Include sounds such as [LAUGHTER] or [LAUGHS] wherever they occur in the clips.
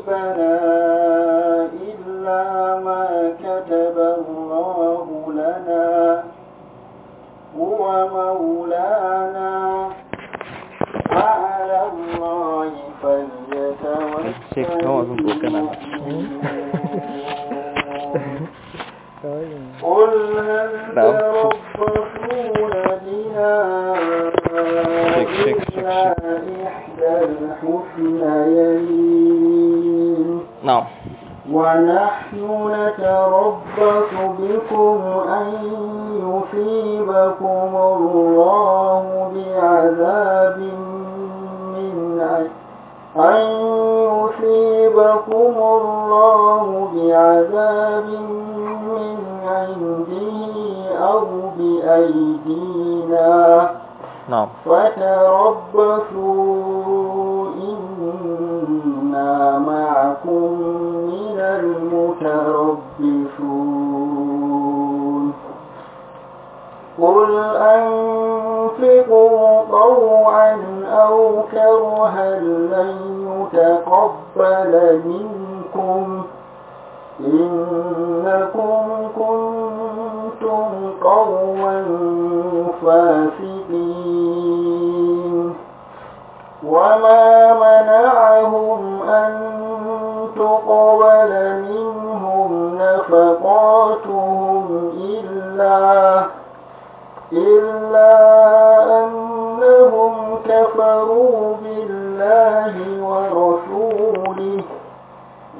يصيبنا إلا ما كتب الله لنا هو مولانا وعلى الله فليتوكل [LAUGHS] قل هل تربصون هل لن يتقبل منكم إنكم كنتم قوما فاسقين وما منعهم أن تقبل منهم نفقاتهم إلا إلا أنهم كفروا الله ورسوله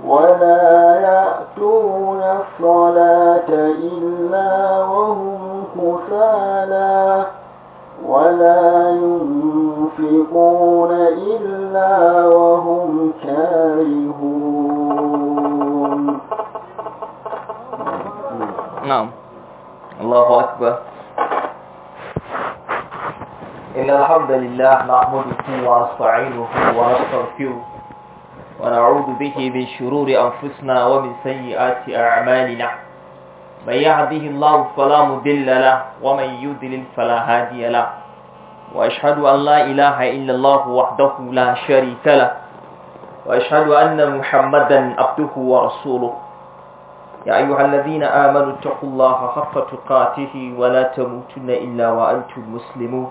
ولا يأتون الصلاة إلا وهم كسالى ولا ينفقون إلا وهم كارهون نعم الله أكبر إن الحمد لله نحمده ونستعينه ونستغفره ونعوذ به من شرور أنفسنا ومن سيئات أعمالنا من يهده الله فلا مضل له ومن يضلل فلا هادي له وأشهد أن لا إله إلا الله وحده لا شريك له وأشهد أن محمدا عبده ورسوله يا أيها الذين آمنوا اتقوا الله حق تقاته ولا تموتن إلا وأنتم مسلمون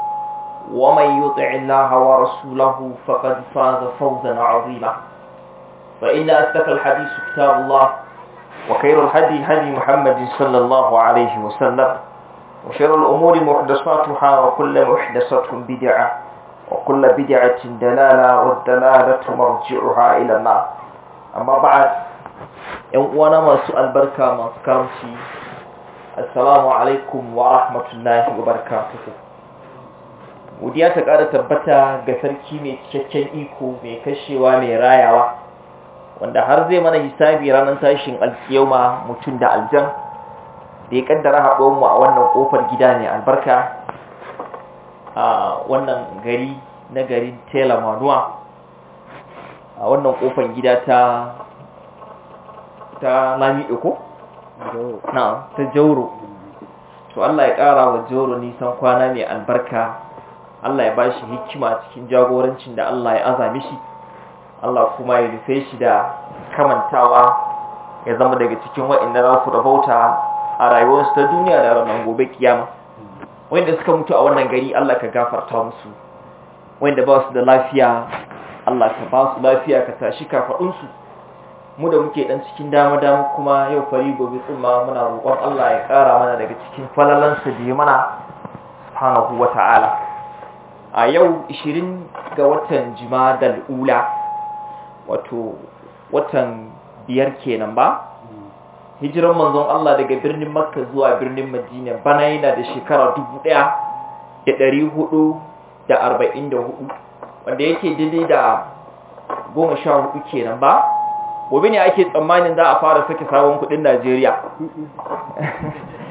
ومن يطع الله ورسوله فقد فاز فوزا عظيما فإن أتك الحديث كتاب الله وخير الحدي هدي محمد صلى الله عليه وسلم وشر الأمور محدثاتها وكل محدثة بدعة وكل بدعة دلالة والدلالة مرجعها إلى النار أما بعد وانا ما سؤال بركة ما كرمتي السلام عليكم ورحمة الله وبركاته godiya ta ƙara tabbata ga sarki mai cikakken iko mai kashewa mai rayawa wanda har zai mana hisabi ranar tashin alkiyoma mutum da aljan da ya kaddara haɗuwanmu a wannan ƙofar gida ne albarka a wannan gari na garin tela manuwa a wannan ƙofar gida ta ta lami iko na ta jauro to Allah ya ƙara wa jauro nisan kwana mai albarka Allah ya bashi hikima cikin jagorancin da Allah ya azami shi Allah kuma ya rufe shi da kamantawa ya zama daga cikin wa'inda za su rabauta a rayuwarsu ta duniya da ranar gobe kiyama wanda suka mutu a wannan gari Allah ka gafarta musu wanda ba su da lafiya Allah ka ba su lafiya ka tashi kafaɗinsu mu da muke ɗan cikin dama-dama kuma yau fari gobe tsumma muna roƙon Allah ya ƙara mana daga cikin falalansa da ya mana subhanahu wa ta'ala a yau 20 ga watan jimadal ula wato watan biyar kenan ba hijiran manzon Allah daga birnin makka zuwa birnin madina bana yana da shekara 1444 wanda yake daidai da goma 14 kenan ba gobe ne ake tsammanin za a fara sake sabon kudin najeriya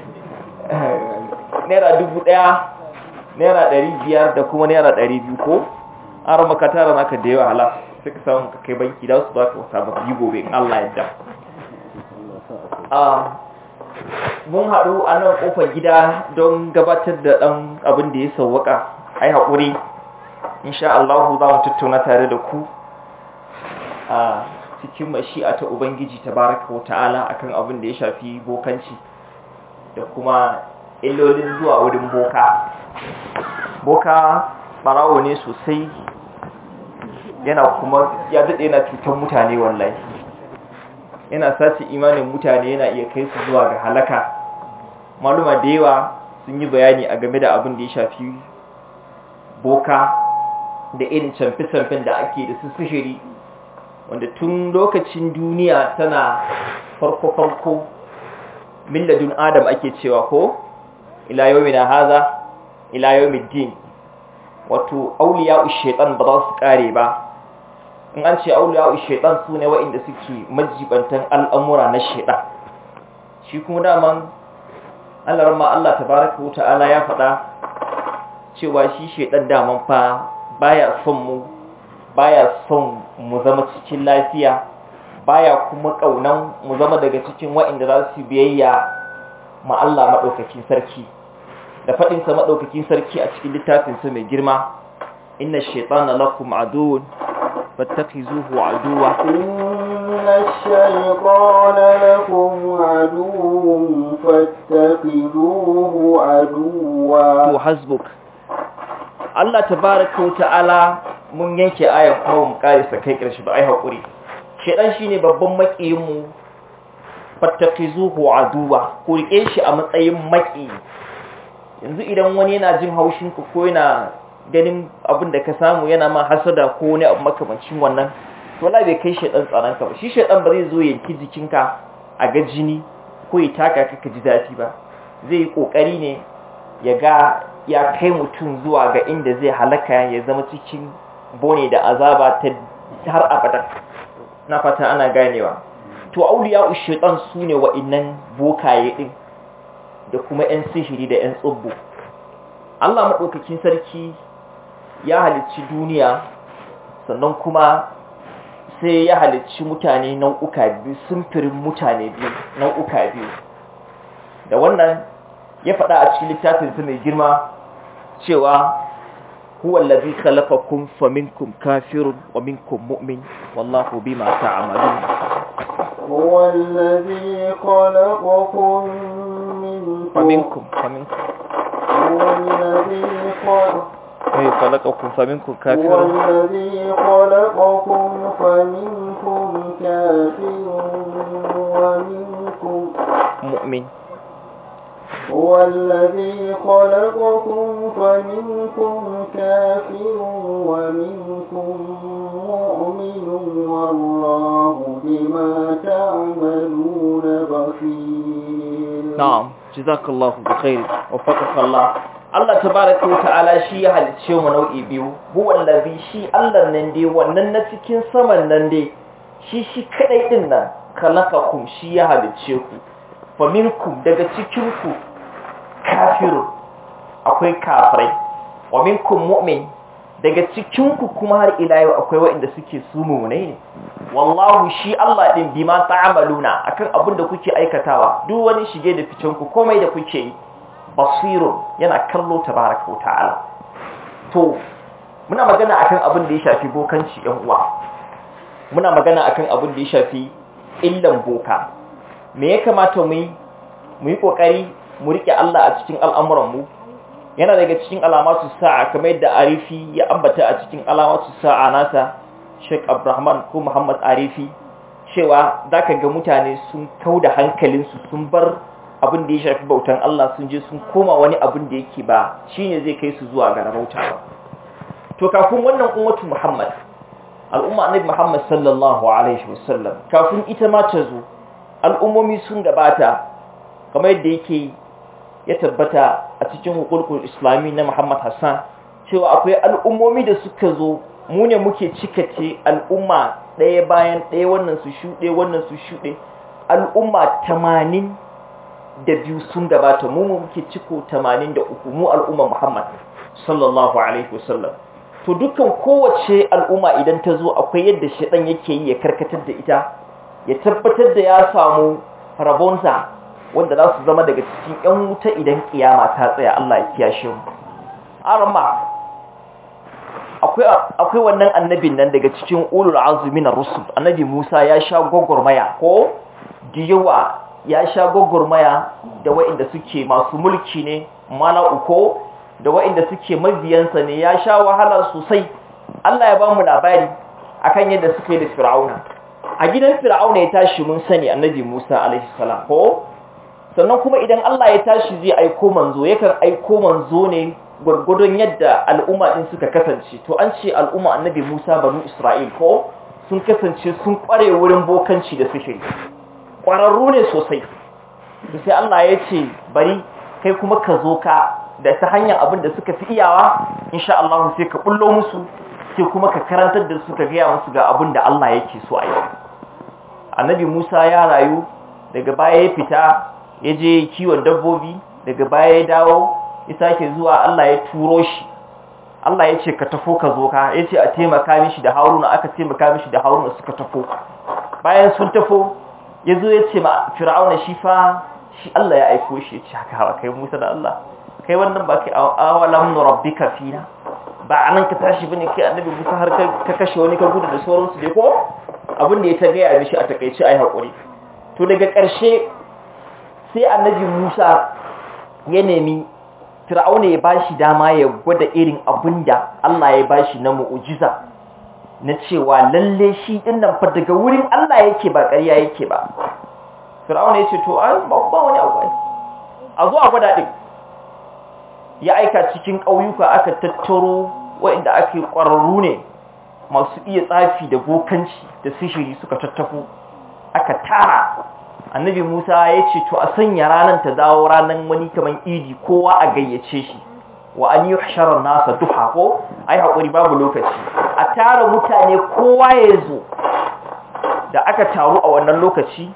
[LAUGHS] naira dubu ɗaya naira ɗari biyar da kuma naira ɗari biyu ko an rama tara naka da yawa halas sai ka samu kai banki da su ba ka wasa ba yi gobe Allah ya da ah, mun haɗu a nan ƙofar gida don gabatar da ɗan abin da ya sauwaƙa ai haƙuri insha Allah za mu tattauna tare da ku a cikin a ta Ubangiji baraka wa ta'ala akan abin da ya shafi bokanci da kuma illolin zuwa wurin boka boka barawo ne sosai yana kuma ya daɗe yana cutar mutane wallahi yana sace imanin mutane yana iya kai su zuwa ga halaka maluma da yawa sun yi bayani a game da abin da ya shafi boka da irin camfe-camfen da ake da su sihiri wanda tun lokacin duniya tana farko-farko milladun adam ake cewa ko ila na haza ila wato auliya shaitan ba za su kare ba in an ce auliya shaitan su ne wa'inda suke majibantan al'amura na sheda. shi kuma daman Allah ramma Allah tabaraka wa ta'ala ya faɗa cewa shi shaitan daman fa baya son mu baya son mu zama cikin lafiya baya kuma ƙaunan mu zama daga cikin wa'inda za su biyayya ma Allah madaukakin sarki da faɗin sa madaukakin sarki a cikin littafin sa mai girma inna shaytana lakum aduwwun fattakhizuhu aduwwa inna shaytana lakum aduwwun fattakhizuhu aduwwa to hasbuk Allah tabaaraka wa ta'ala mun yanke ayar kawo mu sa kai karshe ba ai hakuri shaytan shine babban makiyin mu fattakhizuhu aduwa ku rike shi a matsayin maki yanzu idan wani yana jin haushin ka ko yana ganin abin da ka samu yana ma hasada ko wani abu makamancin wannan to la bai kai shedan tsaron ka ba shi shedan ba zai zo ya yanki jikinka a ga jini ko ya taka ka ji zafi ba zai yi kokari ne ya ga ya kai mutum zuwa ga inda zai halaka ya zama cikin bone da azaba ta har abada na fata ana ganewa to auliya ushetan su ne wa'innan bokaye din da kuma 'yan sihiri da 'yan tsubbu Allah maɗaukakin sarki ya halicci duniya sannan kuma sai ya halicci mutane nau'uka biyu sumfirin mutane biyu nau'uka biyu da wannan ya faɗa a cikin littafin su mai girma cewa kalafa kun famin kun kafirun wa minkum mu'min wallahu amalin. ta'malun lafi kalafa kun فمنكم فمنكم والذي إيه، خلقكم فمنكم كافر والذي خلقكم فمنكم كافر ومنكم مؤمن هو الذي خلقكم فمنكم كافر ومنكم مؤمن والله بما تعملون بصير نعم jazakallahu bi khair wa faqakallah Allah tabaraka wa ta'ala shi ya halice mu nau'i biyu huwa allazi shi Allah nan dai wannan na cikin saman nan dai shi shi kadai din nan kalakakum shi ya halice ku fa minkum daga cikin ku kafiru akwai kafirai wa minkum mu'min daga cikinku kuma har ila yau akwai waɗanda suke su mummunai ne wallahu shi Allah din bima ta'amaluna akan abin da kuke aikatawa duk wani shige da ficen ku komai da kuke yi basiru yana kallo tabaraka ta'ala to muna magana akan abin da ya shafi bokanci ɗan uwa muna magana akan abin da ya shafi illan boka me ya kamata mu yi mu yi kokari mu rike Allah a cikin al'amuran mu yana daga cikin alamatu sa'a kamar yadda arifi ya ambata a cikin alamatu sa'a nasa Sheikh abrahman ko Muhammad Arifi cewa zaka ga mutane sun kauda hankalinsu sun bar abin da ya shafi bautan Allah sun je sun koma wani abin da yake ba shine zai kai su zuwa ga rabautawa to kafin wannan ummatu Muhammad al'umma annabi Muhammad sallallahu alaihi wasallam kafin ita ma ta zo al'ummomi sun gabata kamar yadda yake ya tabbata a cikin hukulkul islami na muhammad hassan cewa akwai al'ummomi da suka zo mune muke muke cikace al'umma ɗaya bayan ɗaya wannan su shuɗe wannan su shuɗe al'umma tamanin da biyu sun gabata mu muke ciko tamanin da uku mu al'umma muhammad sallallahu alaihi wasallam to dukkan kowace al'umma idan ta zo akwai yadda shaɗan yake yi ya karkatar da ita ya tabbatar da ya samu rabonsa wanda za su zama daga cikin ‘yan wuta idan ƙiyama ta tsaya Allah ya kiyashe mu. Arama, akwai wannan annabin nan daga cikin ulul azumi na rusul, annabi Musa ya sha gwagwarmaya ko diyawa ya sha gwagwarmaya da wa'inda suke masu mulki ne, mana ko da wa'inda suke mabiyansa ne ya sha wahala sosai. Allah ya ba mu labari akan yadda suke da Fir'auna. A gidan Fir'auna ya tashi mun sani annabi Musa alaihi salam ko sannan kuma idan Allah ya tashi zai aiko manzo yakan aiko manzo ne gwargwadon yadda al'umma din suka kasance to an ce al'umma annabi Musa banu Isra'il ko sun kasance sun kware wurin bokanci da suke? kwararru ne sosai sai Allah ya ce bari kai kuma ka zo ka da ta hanyar abin da suka fi iyawa insha Allah sai ka bullo musu sai kuma ka karantar da su ka gaya musu ga abin da Allah yake so a yi annabi Musa ya rayu daga baya ya fita ya je kiwon dabbobi daga baya ya dawo ya sake zuwa Allah ya turo shi Allah ya ce ka tafo ka zo ka ya ce a taimaka mishi da haruna aka taimaka mishi da haruna suka tafo bayan sun tafo ya zo ya ce ma fir'auna shi fa shi Allah ya aiko shi ya ce haka ba kai musa da Allah kai wannan ba kai awalam rabbika fina ba anan ka tashi bane kai annabi musa har ka kashe wani ka gudu da sauransu dai ko abin da ya ta gaya mishi a takaice ai hakuri to daga ƙarshe sai annabi Musa ya nemi Fir'auna ya bashi dama ya gwada irin abinda Allah ya bashi na mu'ujiza na cewa lalle shi din nan fa daga wurin Allah yake ba ƙarya yake ba Fir'auna ya ce to an ba wani abu a zo a gwada din ya aika cikin ƙauyuka aka tattaro waɗanda ake ƙwararru ne masu iya tsafi da bokanci da sihiri suka tattafo aka tara annabi musa ya ce to a sanya ranar ta dawo ranar wani kamar idi kowa a gayyace shi wa an yi sharar nasa duha ko ai haƙuri babu lokaci a tara mutane kowa ya zo da aka taru a wannan lokaci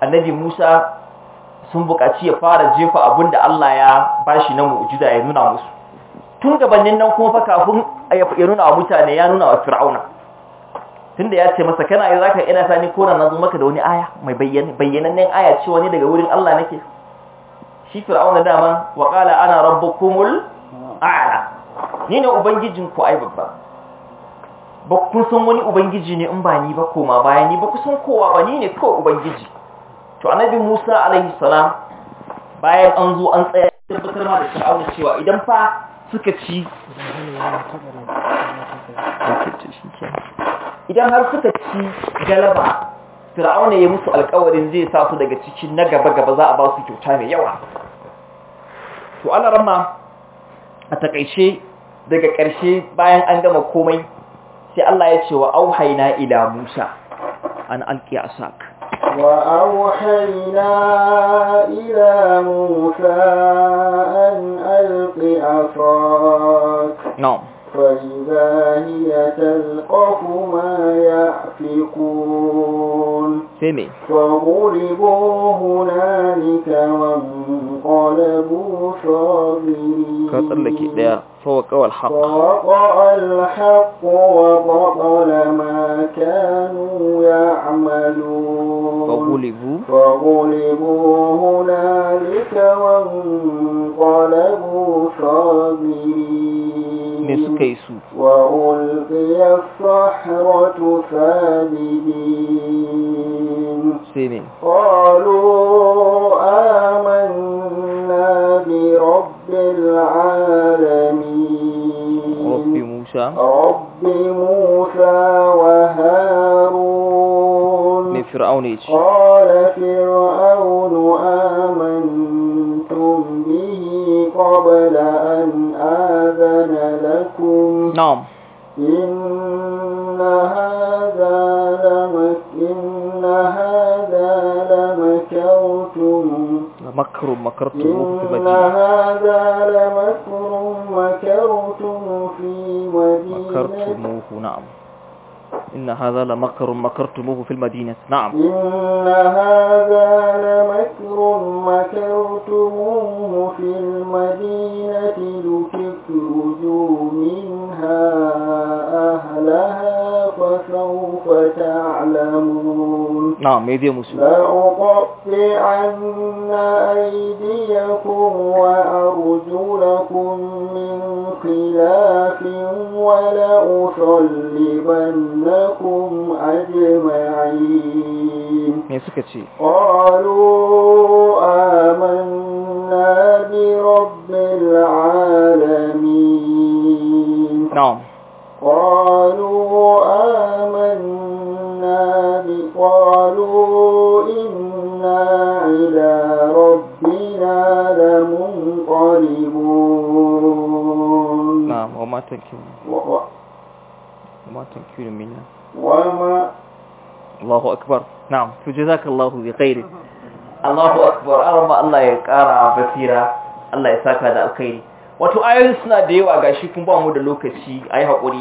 annabi musa sun buƙaci ya fara jefa abin da allah ya bashi na mu'ujiza ya nuna musu tun gabanin nan kuma fa kafin ya nuna wa mutane ya nuna wa fir'auna tunda ya ce masa kana yi zaka ina sani ko na zo maka da wani aya mai bayyana bayyanannen aya cewa ne daga wurin Allah nake shi fir'auna dama wa qala ana rabbukumul a'la ni ne ubangijin ku ai babba ba ku san wani ubangiji ne in ba ni ba koma baya ni ba ku san kowa ba ni ne kawai ubangiji to annabi Musa alaihi salam bayan an zo an tsaya tabbatar da fir'auna cewa idan fa suka ci idan har suka ci galaba fir'auna ya musu alƙawarin zai sa su daga cikin na gaba-gaba za a ba su kyauta mai yawa to ana rama a takaice daga ƙarshe bayan an gama komai sai Allah ya ce wa auhaina ila Musa an alki asak wa auhaina ila Musa an alki asak na'am فإذا هي تلقف ما يأفكون فغلبوا هنالك وانقلبوا صابرين فوقع الحق فوقع الحق وبطل ما كانوا يعملون فغلبوا فغلبوا هنالك وانقلبوا صابرين ne suka yi su. قالوا آمنا برب العالمين رب موسى رب موسى وهارون من فرعون إيش قال فرعون آمنتم به قبل أن آذن نعم إن هذا لمك إن هذا لمكرتم مكر مكرتم في مدينة نعم. إن هذا لمكر مكرتم في مدينة مكرتموه نعم إن هذا لمكر مكرتموه في المدينة نعم إن هذا لمكر مكرتموه في المدينة فسوف تعلمون نعم يدي مسلم لأقطعن أيديكم وأرجلكم من خلاف ولأصلبنكم أجمعين قالوا آمنا برب العالمين نعم قالوا آمنا بقالوا إنا إلى ربنا لمنقلبون نعم وما تنكر وما تنكر منا وما الله أكبر نعم فجزاك الله بخير الله أكبر أرمى الله يكارع بسيرة الله يساكها ده الخير wato ayoyin suna da yawa ga gashi kun ba mu da lokaci ayi hakuri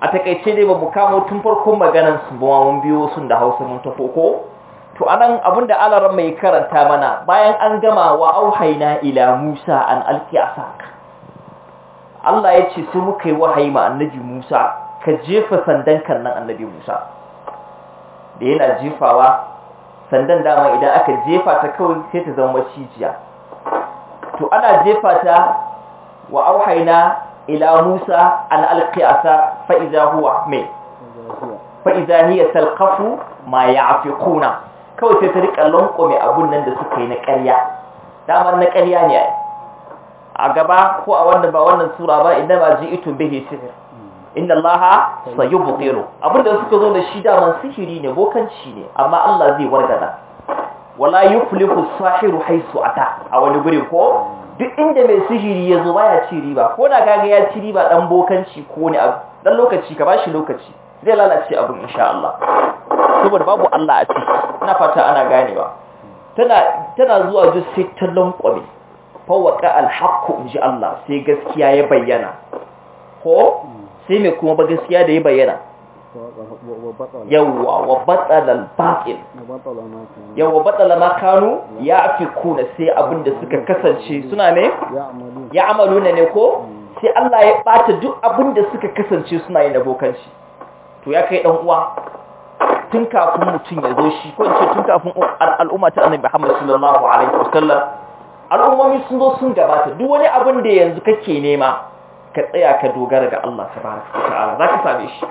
a takaice dai ba mu kamo tun farkon maganar su ba mun biyo sun da Hausa mun tafi ko to anan abinda alaran mai karanta mana bayan an gama wa auhayna ila Musa an alki asaka Allah ya ce sai muka yi wahayi ma annabi Musa ka jefa sandan kan nan annabi Musa da yana jefawa sandan dama idan aka jefa ta kawai sai ta zama shijiya to ana jefa ta wa auhaina ila Musa an alqi asa fa idza huwa mai fa idza hiya talqafu ma kawai sai ta rika lanko mai abun nan da suka yi na ƙarya damar na ƙarya ne a gaba ko a wanda ba wannan sura ba inda ba ji ito bihi sihir inna allaha sayubtilu abun da suka zo da shi daman sihiri ne bokanci ne amma Allah zai wargaza wala yuflihu sahiru haisu ata a wani guri ko duk inda mai sihiri ya zo baya ci riba ko da kaga ya ci riba dan bokanci ko ne dan lokaci ka bashi lokaci zai lalace abun insha Allah saboda babu Allah a ciki ina fata ana ganewa tana tana zuwa ju sai ta lankwame fa waqa inji Allah sai gaskiya ya bayyana ko sai me kuma ba gaskiya da ya bayyana yawwa wa batsalan batil yawwa batsala ma kanu ya fi kuna sai abinda suka kasance suna ne ya amalu ne ne ko sai Allah ya bata duk abinda suka kasance suna yin abokanci to ya kai dan uwa tun kafin mutum ya zo shi ko ce tun kafin al'umma ta annabi Muhammad sallallahu alaihi wasallam al'ummomi sun zo sun gabata duk wani abin da yanzu kake nema ka tsaya ka dogara ga Allah tabaraka ta'ala zaka same shi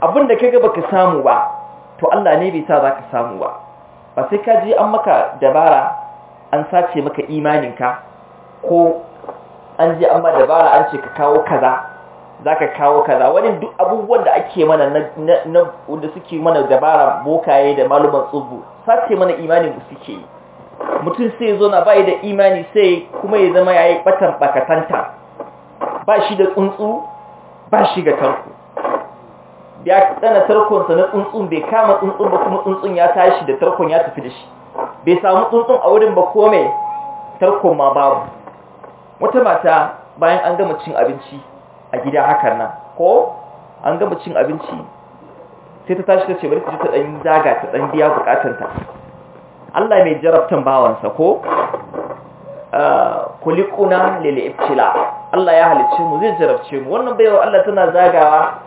abinda kaga baka samu ba to Allah ne bai sa zaka samu ba ba sai ka ji an maka dabara an sace maka imaninka ko an ji an ma dabara an ce ka kawo kaza zaka kawo kaza wani duk abubuwan da ake mana na wanda suke mana dabara bokaye da maluman tsubu sace mana imanin da suke mutum sai zo na bai da imani sai kuma ya zama ya yi ɓatan bakatanta ba shi da tsuntsu ba shi ga tarko ya tsana tarkonsa na tsuntsun bai kama tsuntsun ba kuma tsuntsun ya tashi da tarkon ya tafi da shi bai samu tsuntsun a wurin ba kome tarkon ma babu wata mata bayan an gama cin abinci a gida hakan nan ko an gama cin abinci sai ta tashi ta ce bari ta ta ɗan zaga ta ɗan biya bukatanta Allah mai jarabtan bawansa ko ah, kulikuna lil ibtila Allah ya halicce mu zai jarabce mu wannan baiwa Allah tana zagawa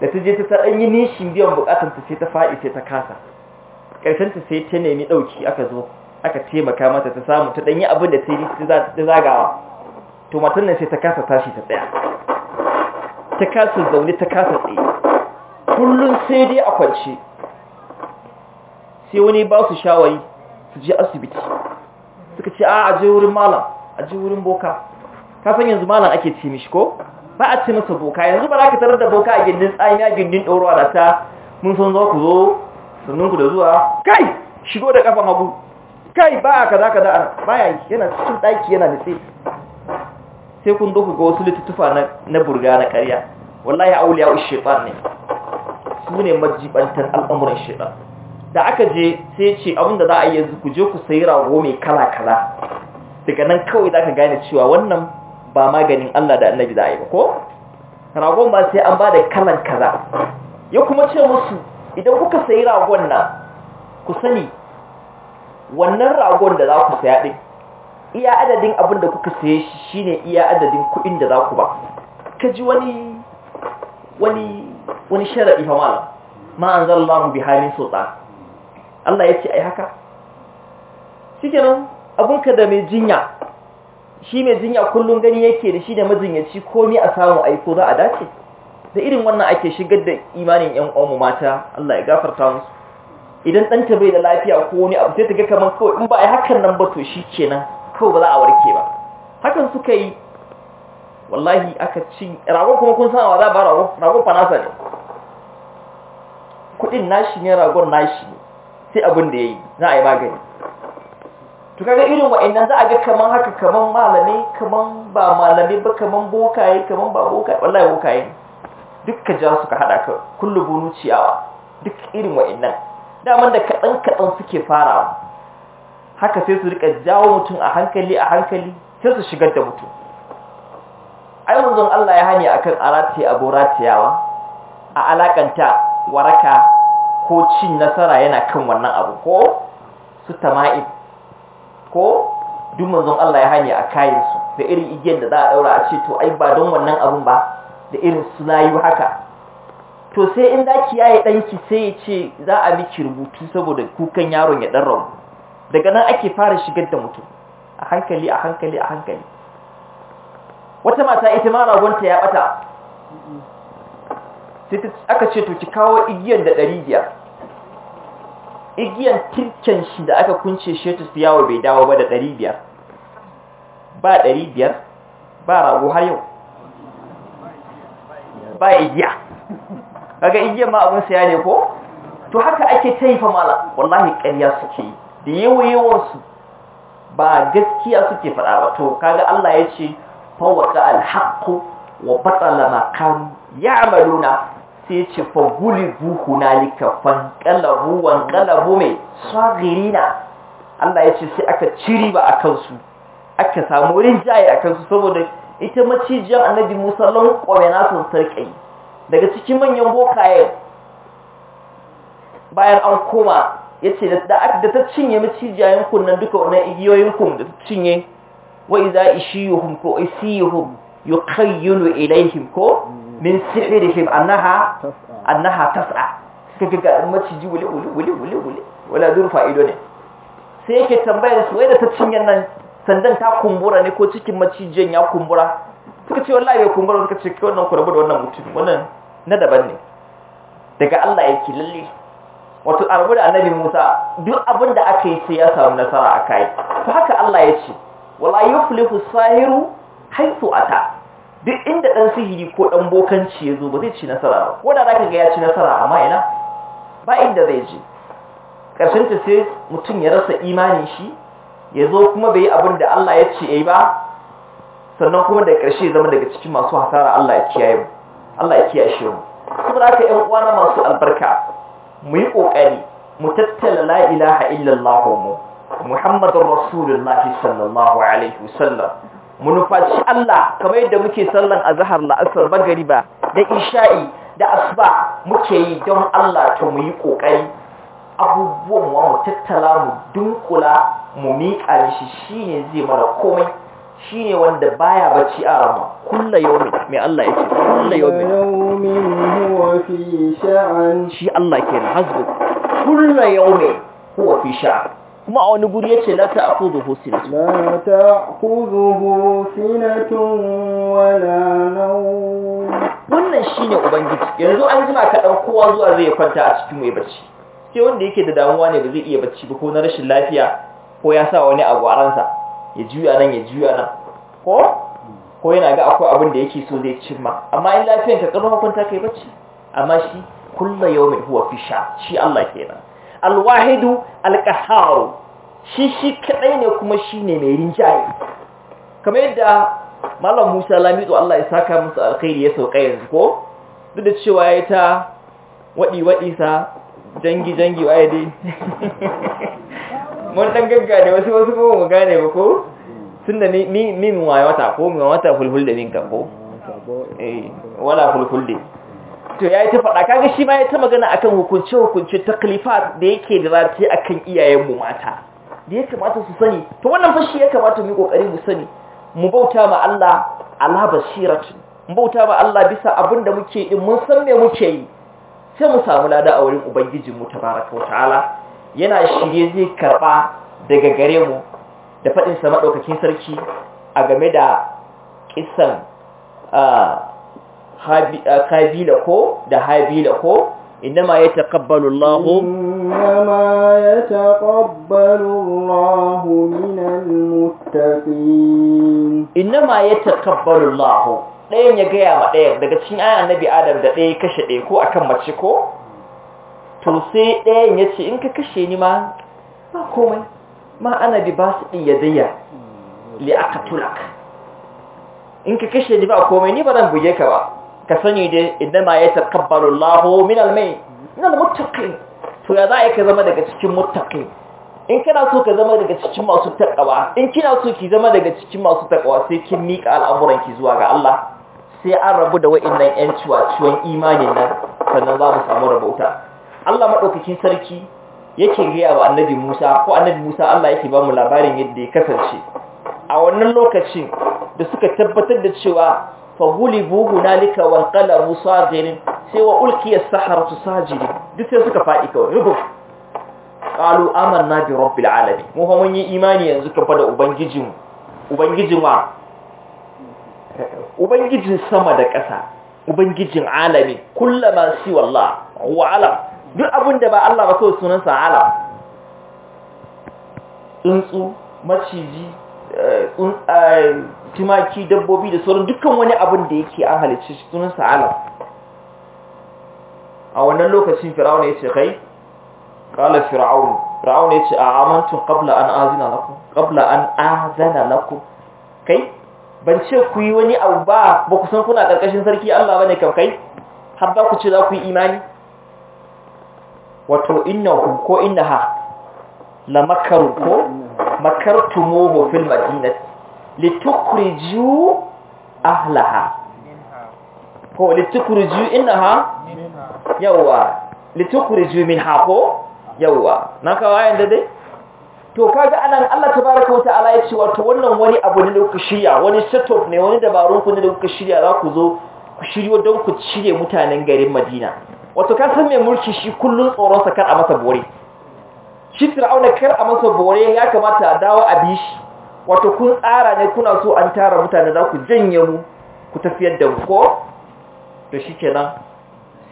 da ta je ta ta ɗanyi nishin biyan bukatun ta sai ta faɗi sai ta kasa ƙarshen ta sai ta nemi ɗauki aka zo aka taimaka mata ta samu ta ɗanyi abin da ta yi ta zagawa to matan nan sai ta kasa tashi ta tsaya ta kasa zaune ta kasa tsaye kullum sai dai a kwance sai wani ba su shawari su je asibiti suka ce a aje wurin malam aje wurin boka ka san yanzu malam ake ce mishi ko ba a ce masa boka yanzu ba za ka tarar da boka a gindin tsamiya gindin ɗorowa da ta mun san za ku zo sannan ku da zuwa kai shigo da kafa hagu kai ba a kaza kaza ba ya yana cikin ɗaki yana nitse sai kun zo ku ga wasu littattafa na burga na ƙarya wallahi auliya u shaitan ne su ne majibantar al'amuran shaitan da aka je sai ce abinda za a yi yanzu ku je ku sayi rago mai kala kala daga nan kawai za ka gane cewa wannan ba maganin Allah da annabi za a yi ba ko ragon ba sai an ba da kalan kaza ya kuma ce musu idan kuka sayi ragon na ku sani wannan ragon da za ku saya ɗin iya adadin abin da kuka saye shi shine iya adadin kuɗin da za ku ba ka ji wani wani wani sharaɗi fa malam ma anzalallahu bi halin sotsa. Allah ya ce ai haka shikenan abunka da mai jinya shi mai jinya kullum gani yake da shi da majinyaci komi a samu aiko za a dace da irin wannan ake shigar da imanin yan uwanmu mata Allah ya gafarta musu idan ɗanta bai da lafiya ko wani abu sai ta ga kamar kawai in ba a yi hakan nan ba to shi kenan kawai ba za a warke ba hakan suka yi wallahi aka ci ragon kuma kun san wa za ba ragon ragon nasa ne kuɗin nashi ne ragon nashi sai abin da ya yi za a yi magani to kaga irin wa'annan za a ga kaman haka kaman malami kaman ba malami ba kaman bokaye kaman ba bokaye wallahi bokaye dukkan ja suka hada ka kullu bunu ciyawa duk irin wa'annan daman da kadan kadan suke farawa haka sai su rika jawo mutum a hankali a hankali sai su shigar da mutum ai manzon Allah ya hani akan arati ciyawa a alakanta waraka ko cin nasara yana kan wannan abu ko su tama'i ko duk manzon Allah ya hane a kayansu. su da irin igiyar da za a daura a ce to ai ba don wannan abun ba da irin su layu haka to sai in za ki yaye danki sai ya ce za a miki rubutu saboda kukan yaron ya dan rabu daga nan ake fara shigar da mutum a hankali a hankali a hankali wata mata ita ma ragonta ya bata sai aka ce to ki kawo igiyar da ɗari biyar igiyan turken shi da aka kunce shi ta siyawa bai dawo ba da 500 ba 500 ba rago har yau ba igiya kaga igiyan ma abin saya ne ko to haka ake taifa mala wallahi ƙarya suke da yawa su ba gaskiya suke faɗa ba to kaga Allah ya ce fawaka alhaqqu wa batala ma kan ya'maluna sai ya ce fa gulibu hunalika fanqalabu wan qalabu mai na Allah ya ce sai aka ciri ba a kansu aka samu wurin jaye a kansu, saboda ita macijiyar annabi Musa lan kwamena sun sarƙa'i. daga cikin manyan bokaye bayan an koma ya ce da ta cinye macijiyayen kunnan duka wannan igiyoyin kun da ta cinye wa iza ishiyuhum ko isiyuhum yukhayyulu ilaihim ko min sihrihim annaha annaha tas'a suka ga maciji wuli wuli wuli wuli wala durfa ido ne sai yake tambayar su wai da ta cinyan nan sandan ta kumbura ne ko cikin macijin ya kumbura suka ce wallahi bai kumbura suka ce kai wannan kurbu da wannan mutum wannan na daban ne daga Allah yake lalle wato arbu da annabi Musa duk abinda da aka yi sai ya samu nasara a kai to haka Allah ya ce wala yuflihu sahiru a ta. duk inda ɗan sihiri ko ɗan bokanci ya zo ba zai ci nasara ba ko da zaka ga ya ci nasara amma ina ba inda zai ji. ƙarshen ta sai mutum ya rasa imani shi ya zo kuma bai yi abin da Allah ya ce yayi ba sannan kuma da ƙarshe zama daga cikin masu hasara Allah ya kiyaye mu Allah ya kiyaye shi mu ƴan uwana masu albarka mu yi ƙoƙari, mu tattala la ilaha illallah mu muhammadur rasulullahi sallallahu alaihi wasallam mu nufaci Allah kamar yadda muke sallan azhar la'asar magriba da isha'i da asuba muke yi don Allah to mu yi kokari abubuwan mu tattala mu dunkula mu miƙa shi shine zai mana komai shine wanda baya bacci a rama kulla yawmi mai Allah yake kulla yawmi huwa fi sha'an shi Allah ke hazbu kulla yawmi huwa fi sha'an kuma a wani guri yace ce lata a kuzo ta'khudhuhu sinatun wala nawm wannan ne ubangiji yanzu an jima ka kowa zuwa zai ya kwanta a cikin mai bacci sai wanda yake da damuwa ne ba zai iya bacci ba ko na rashin lafiya ko ya sa wani abu a ransa ya juya nan ya juya nan ko ko yana ga akwai abin da yake so zai cimma amma in lafiyanka ka kwanta kai bacci amma shi yau yau huwa fi sha shi Allah kenan alwahidu alkaharu shi shi kadai ne kuma shi ne mai rinjaye kamar yadda malam Musa Lamido Allah ya saka musu alkhairi ya sauka yanzu ko duk da cewa ya ta wadi wadi sa jangi jangi waye dai [LAUGHS] mun dan ne wasu wasu ko mu gane ba ko tun da ni min waye wata ko min wata fulful da minka ko eh wala fulful dai to yayi ta faɗa kaga shi ma ya ta magana akan hukunce hukunce ta taklifa da yake da zafi akan iyayen mu mata da ya kamata su sani to wannan fashi ya kamata mu yi kokari mu sani mu bauta ma Allah ala basiratin mu bauta ma Allah bisa abin da muke din mun san me muke yi sai mu samu lada a wurin ubangijin mu tabaraka wa ta'ala yana shirye zai karba daga gare mu da faɗin sa madaukakin sarki a game da kissan ah, Uh, kabila ko da habila ko إنما يتقبل الله إنما يتقبل الله من المتقين ya يتقبل الله ɗayan ya gaya ma dayan daga cikin ayan annabi adam da dai kashe ɗaya ko akan mace ko to sai ɗayan ya ce in ka kashe ni ma ba komai ma bi ba su din yadayya li aka in ka kashe ni ba komai ni ba zan buge ka ba ka sani dai idan ma ya takabbaru Allahu min al-mai min to ya za ka zama daga cikin muttaqin in kana so ka zama daga cikin masu takawa in kina so ki zama daga cikin masu takawa sai kin mika al'amuran ki zuwa ga Allah sai an rabu da wa'annan ƴan ciwon imanin nan sannan za mu samu rabauta Allah madaukakin sarki yake gaya wa annabi Musa ko annabi Musa Allah yake ba mu labarin yadda ya kasance a wannan lokacin da suka tabbatar da cewa fagulibu hunalika wanqalabu sajirin sai wa ulqiya as-saharatu sajidin duk sai suka fadi kawai rubu qalu amanna bi rabbil alamin mu fa mun yi imani yanzu kafa da ubangijin ubangijin wa ubangijin sama da ƙasa ubangijin alami kullama si wallah huwa alam duk da ba Allah ba kawai sunansa alam tsuntsu maciji tumaki dabbobi da sauran dukkan wani abin da yake an halicci sunan Sa'alam. a wannan lokacin fir'auna ya ce kai Ƙala fir'aun fir'auna ya ce a amantun ƙabla an azina lakum ƙabla an azana lakum kai ban ce ku yi wani abu ba ba ku san kuna ƙarƙashin sarki Allah ne kam kai har ba ku ce za ku yi imani wato innakum ko ha la makaru ko makartumuhu fil madinati litukhriju ahlaha ko litukhriju innaha yawa litukhriju minha ko yawa na kawayen da dai to kaga anan Allah tabaraka wa ta'ala ya wato wannan wani abu ne da kuka shirya wani setup ne wani dabarun ku ne da kuka shirya za ku zo ku shiryo don ku cire mutanen garin Madina wato ka san me mulki shi kullun tsoron sa kar a masa bore shi fir'auna kar a masa bore ya kamata a dawo a bi shi wato kun tsara ne kuna so an tara mutane za ku janye mu ku tafiyar da ko to kenan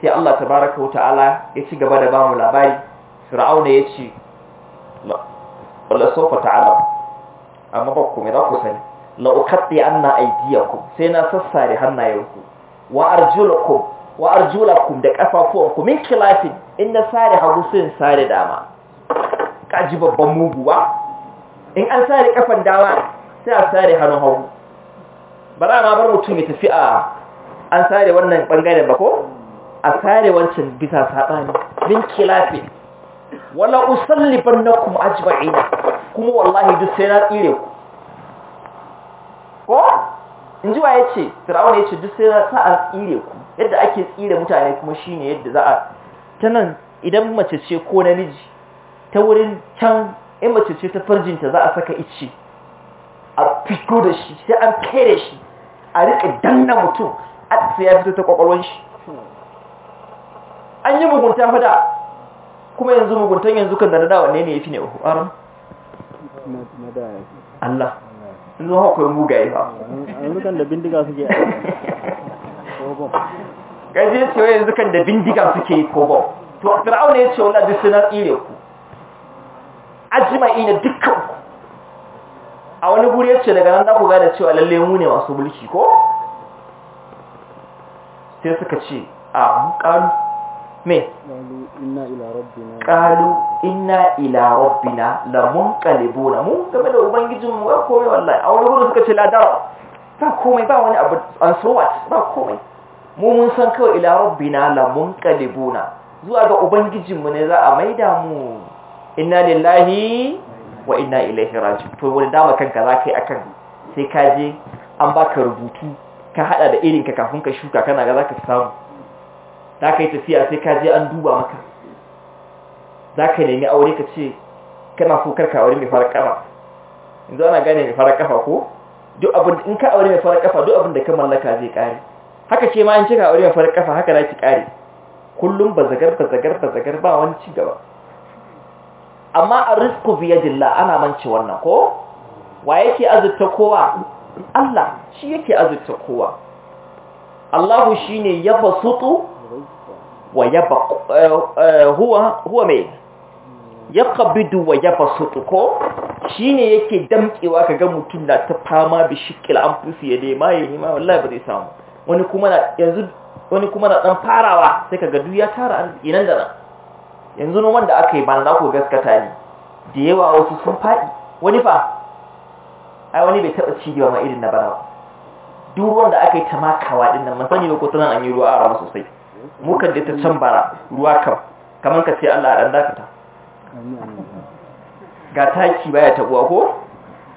sai Allah tabaraka wa ta'ala ya ci gaba da bamu labari fir'auna ya ce wala sofa ta'ala amma ba ku mai za ku sani la uqatti anna aydiyakum sai na sassare hannayenku wa arjulakum wa arjulakum da kafafuwanku min kilafin in na sare hagu sun sare dama ka ji babban mugu muguwa in an sare kafan dama sai a sare hannun hagu ba za ma bar mutum ya tafi a an sare wannan bangaren ba ko a sare wancan bisa saɓani min kilafi wala usalliban na kuma ina, kuma wallahi duk sai na tsire ku ko in ji wa ya ce firawun ya ce duk sai na sa a tsire ku yadda ake tsire mutane kuma shine yadda za a ta nan idan mace ce ko namiji ta wurin can in mace ce ta farjinta za a saka ice a fito da shi sai an da shi a riƙe danna mutum a tsaye ya fito ta kwakwalwan shi an yi mugunta fada kuma yanzu muguntan yanzu kan da na dawa ne ne ya fi ne uku aron Allah in zuwa akwai mugaye ba kan da bindiga suke a gaje yanzu kan da bindiga suke kogon to fir'auna ya ce wani abu ire ku ina dukkan ku. a wani guri yace daga nan za ku gane cewa lalle mu ne masu mulki ko sai suka ce a qalu me qalu inna ila rabbina la munqalibuna mun game da ubangijin mu ko mai wallahi a wani guri suka ce la dara ba komai ba wani abu an so what ba komai mu mun san kawai ila rabbina la munqalibuna zuwa ga ubangijinmu ne za a maida mu inna lillahi wa inna ilaihi raji'un to wani dama kanka za ka yi akan sai ka je an baka rubutu ka hada da irin ka kafin ka shuka kana ga za ka samu za ka yi tafiya sai ka je an duba maka za ka nemi aure ka ce kana so karka aure mai fara kafa yanzu ana gane mai fara kafa ko duk abin in ka aure mai fara kafa duk abin da ka mallaka zai kare haka ce ma in cika aure mai fara kafa haka za ki kare kullum bazagar bazagar bazagar ba wani ci gaba amma a risku arrisku dilla ana manci wannan ko wa yake azurta kowa Allah shi yake azurta kowa Allahu ya basutu wa ya ba eh, eh, huwa mai yaqbidu wa basutu ko Shi ne yake damkewa ga mutum na ta fama bi shikil an fusi ya dai ya yi ma wallahi ba zai samu wani kuma na ɗan dan farawa sai ka gadu ya tara inan da nan yanzu noman da aka yi ba za ku gaskata ne da yawa wasu sun faɗi wani fa ai wani bai taɓa ci ma irin na bana duk ruwan da aka yi ta makawa din nan masani ba ko ta nan an yi ruwa a rama sosai mukan da ta can bara ruwa kam kamar ka ce Allah ɗan dakata ga taki baya taɓuwa ko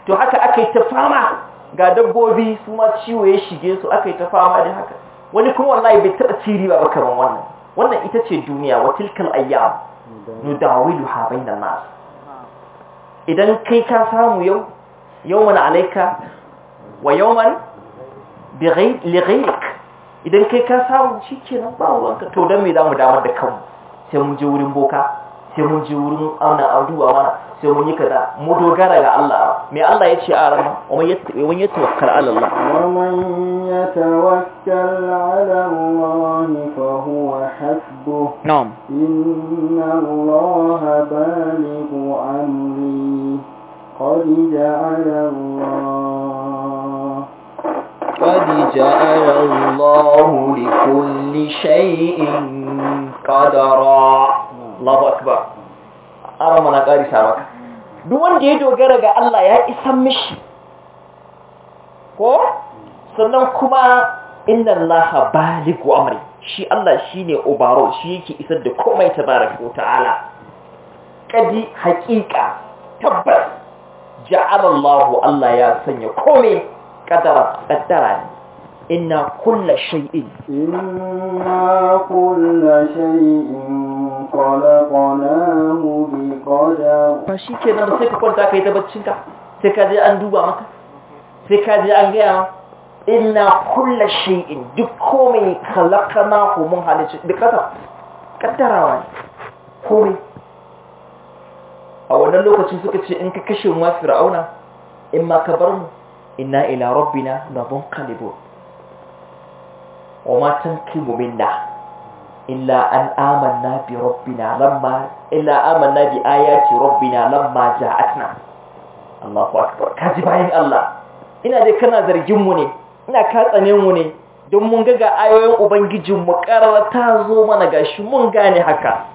to haka aka yi ta fama ga dabbobi su ma ciwo ya shige su aka yi ta fama da haka wani kuma wallahi bai taɓa ciri ba kamar wannan wannan ita ce duniya wa tilkal ayyam nudawiluha da nasu ah. idan kai ka samu yau yau mana alaika, wa yau man liraik idan kai ka samu cikin ba wanka to dan mai damu damar da kanmu sai mun je wurin boka sai mun ji wurin auna an duba mana sai mun yi kaza mu dogara ga Allah me Allah ya ce a ran wa man yatawakkal ala Allah wa man yatawakkal ala Allah fa huwa hasbuh na'am inna Allah balighu amri qad ja'ala قد جعل الله لكل شيء قدرا Allahu akbar ara mana karisa maka duk wanda ya dogara ga Allah ya isan mishi ko sannan kuma inna Allah baligu amri shi Allah shine ubaro shi yake isar da komai tabaraka ta'ala kadi haqiqa tabbas ja'ala Allah Allah ya sanya komai kadara kadara inna kullu shay'in inna shay'in خلقناه بقدر فشي كده sai ka kwanta kai ta baccin ka sai ka je an duba maka sai ka je an gaya kulla shi in, duk komai khalaqnahu mun halice duk kasa kaddarawa komai a wannan lokacin suka ce in ka kashe mu fir'auna in ma ka bar mu Ina ila rabbina lamunqalibun wa ma tanqimu minna illa an amanna bi rabbina lamma illa amanna bi ayati rabbina lamma ja'atna Allahu akbar kaji bayan Allah ina dai kana zargin mu ne ina ka katsane mu ne don mun ga ga ayoyin ubangijin mu karara ta zo mana gashi mun gane haka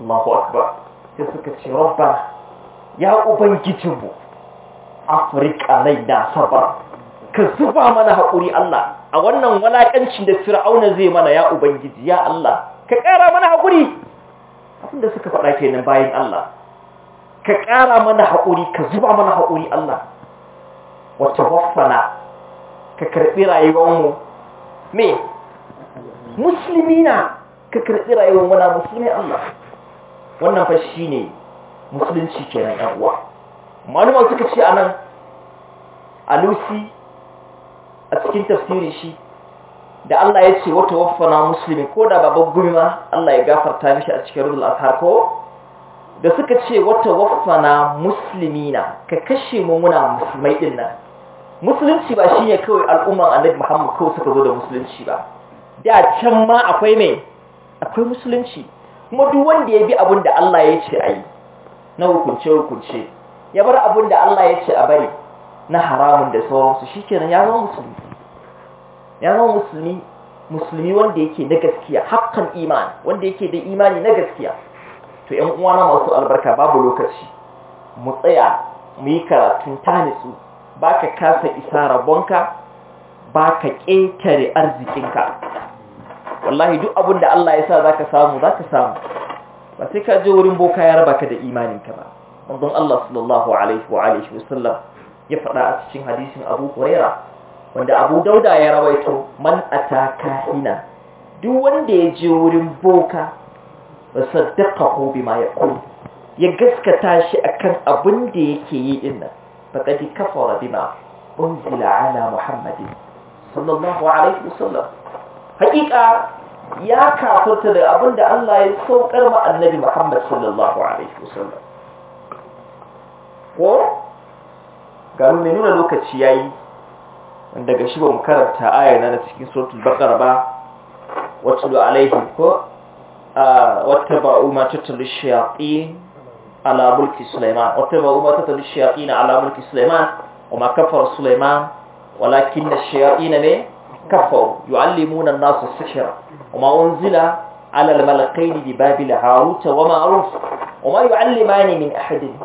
Allahu akbar sai suka ce rabbana ya ubangijin mu afrika laina sabar ka zuba mana haƙuri Allah a wannan walaƙancin da fir'auna zai mana ya ubangiji ya Allah ka ƙara mana haƙuri abinda suka faɗa kenan bayan Allah ka ƙara mana haƙuri ka zuba mana haƙuri Allah wacce waffana ka karɓi rayuwarmu me musulmi na ka karɓi rayuwar wana musulmi Allah wannan fa ne musulunci kenan yan uwa malama suka ce a lusi a cikin tafsiri shi da Allah ya ce wata waffana musulmi ko da babban gumi ma Allah ya gafarta mishi a cikin rudul azhar ko da suka ce wata waffana musulmi na ka kashe mu muna musulmai din nan musulunci ba shi ne kawai al'umman annabi muhammad kawai suka zo da musulunci ba da can ma akwai mai akwai musulunci kuma duk wanda ya bi abin da Allah ya ce a yi na hukunce hukunce ya bar abin da Allah ya ce a bari na haramun da sauransu shi kenan ya zama musulmi ya zama musulmi musulmi wanda yake na gaskiya hakan imani wanda yake da imani na gaskiya to yan uwana masu albarka babu lokaci mu tsaya mu yi karatun tanisu ba ka kasa isa rabonka ba ka ƙetare arzikinka wallahi duk abin da Allah ya sa za ka samu za ka samu ba sai ka je wurin boka ya raba ka da imaninka ba manzon Allah sallallahu alaihi wa alihi wasallam ya faɗa a cikin hadisin abu huraira wanda abu dauda ya rawaito man ata kahina duk wanda ya je wurin boka wa ko bima ma ya Ya gaskata shi akan abin da yake yi din nan faqad kafara ma unzila ala muhammadin sallallahu alaihi wasallam haƙiƙa ya kafurta da abin da Allah ya saukar ma annabi Muhammad sallallahu alaihi wasallam ko ga mai nuna lokaci yi daga shi ba mu karanta aya na cikin sautun bakar ba da alaihi ko wattaba'u ma tatlu shayatin ala suleiman wata ba ma tatlu shayatin na mulki suleiman wa ma kafar suleiman walakin ash-shayatin me kafar yu'allimuna an-nasa nasu sihra wa ma unzila zila alalmalakai ne bi babila haruta wa ma'ruf wa ma alimani min ahadin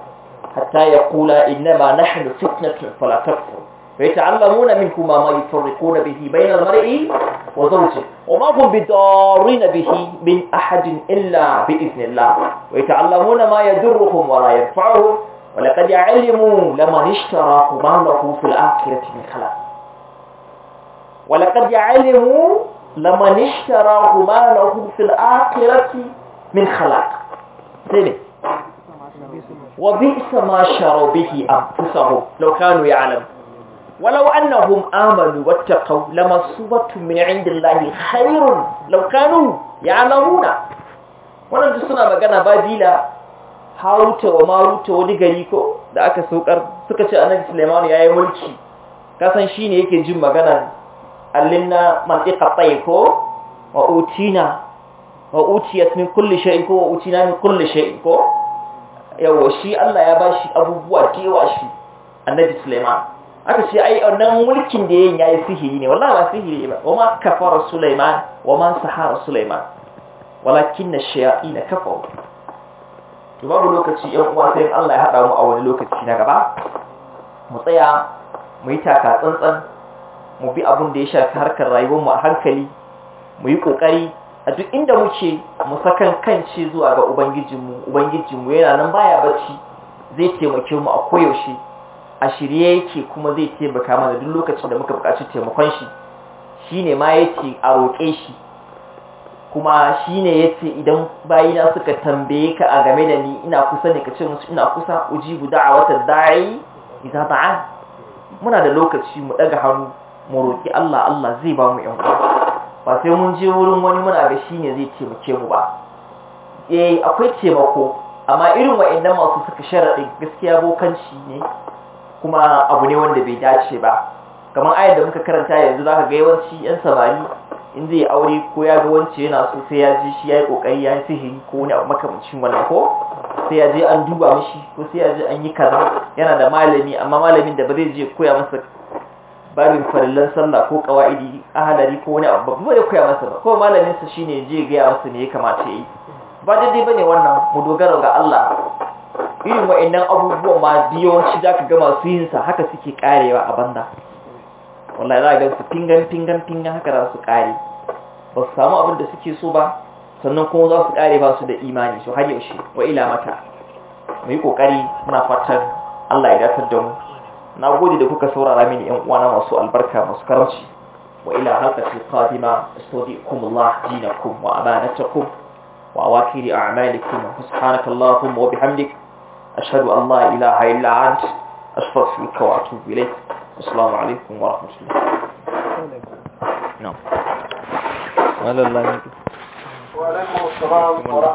حتى يقولا إنما نحن فتنة فلا تكفر فيتعلمون منكما ما يفرقون به بين المرء وزوجه وما هم بضارين به من أحد إلا بإذن الله ويتعلمون ما يضرهم ولا ينفعهم ولقد علموا لمن اشتراه ما له في الآخرة من خلاق ولقد علموا لمن اشتراه ما له في الآخرة من خلاق وبئس ما شروا به أنفسهم لو كانوا يعلم ولو أنهم آمنوا واتقوا لمصوبة من عند الله خير لو كانوا يعلمون wannan duk suna magana ba dila hauta wa maruta wani gari ko da aka saukar suka ce annabi Sulaiman yayi mulki kasan shine yake jin magana allinna mantiqa tay ko wa utina wa utiyat min ko wa min ko yawa shi Allah ya bashi abubuwa da yawa shi annabi Sulaiman aka ce ai wannan mulkin da yayin yayi sihiri ne wallahi ba sihiri ba kuma kafara Sulaiman man sahara Sulaiman ash shayatin kafaru to babu lokaci yan uwa sai Allah ya hada mu a wani lokaci na gaba mu tsaya mu yi taka tsantsan mu bi abun da ya shafi harkar rayuwar mu a hankali mu yi kokari a duk inda muke mu sakan ce zuwa ga ubangijinmu ubangijinmu yana nan baya bacci zai taimake mu a koyaushe a shirye yake kuma zai taimaka mana duk lokacin da muka buƙaci taimakon shi Shi ne ma yake a roƙe shi kuma shi ne ya ce idan bayina suka tambaye ka a game da ni ina kusa ne ka ce musu ina kusa guda a watan da'i idza da'a muna da lokaci mu ɗaga hannu mu roƙi Allah Allah zai ba mu yan ba sai mun je wurin wani muna ga shi ne zai taimake mu ba eh akwai taimako amma irin wa'annan masu suka sharaɗin gaskiya bokanci ne kuma abu ne wanda bai dace ba kamar ayar da muka karanta yanzu zaka ga yawanci yan samari in zai aure ko ya ga wance yana so sai ya ji shi ya yi kokari ya yi sihiri ko wani abu makamancin wannan ko sai ya je an duba mishi ko sai ya je an yi kaza yana da malami amma malamin da ba zai je koya masa babin farallan sallah ko kawaidi ahlari ko wani abu ba zai koya masa ba ko malamin sa shine je ga ya masa ne ya kamata yi ba daidai bane wannan mu dogara ga Allah irin wa'annan abubuwan ma shi zaka ga masu yin sa haka suke karewa a banda wallahi za a ga su pingan pingan pingan haka za su kare ba su samu abin da suke so ba sannan kuma za su kare ba su da imani su har yaushe wa ila mata mu yi kokari muna fatan Allah ya datar da mu na gode da kuka saurara mini yan uwana masu albarka masu karanci wa ila halqati qadima astaudikumullah dinakum wa amanatakum wa awakiri a'malikum subhanaka allahumma wa bihamdik ashhadu an la ilaha illa ant astaghfiruka wa atubu ilayk assalamu alaikum wa rahmatullah no wa alaikum assalam wa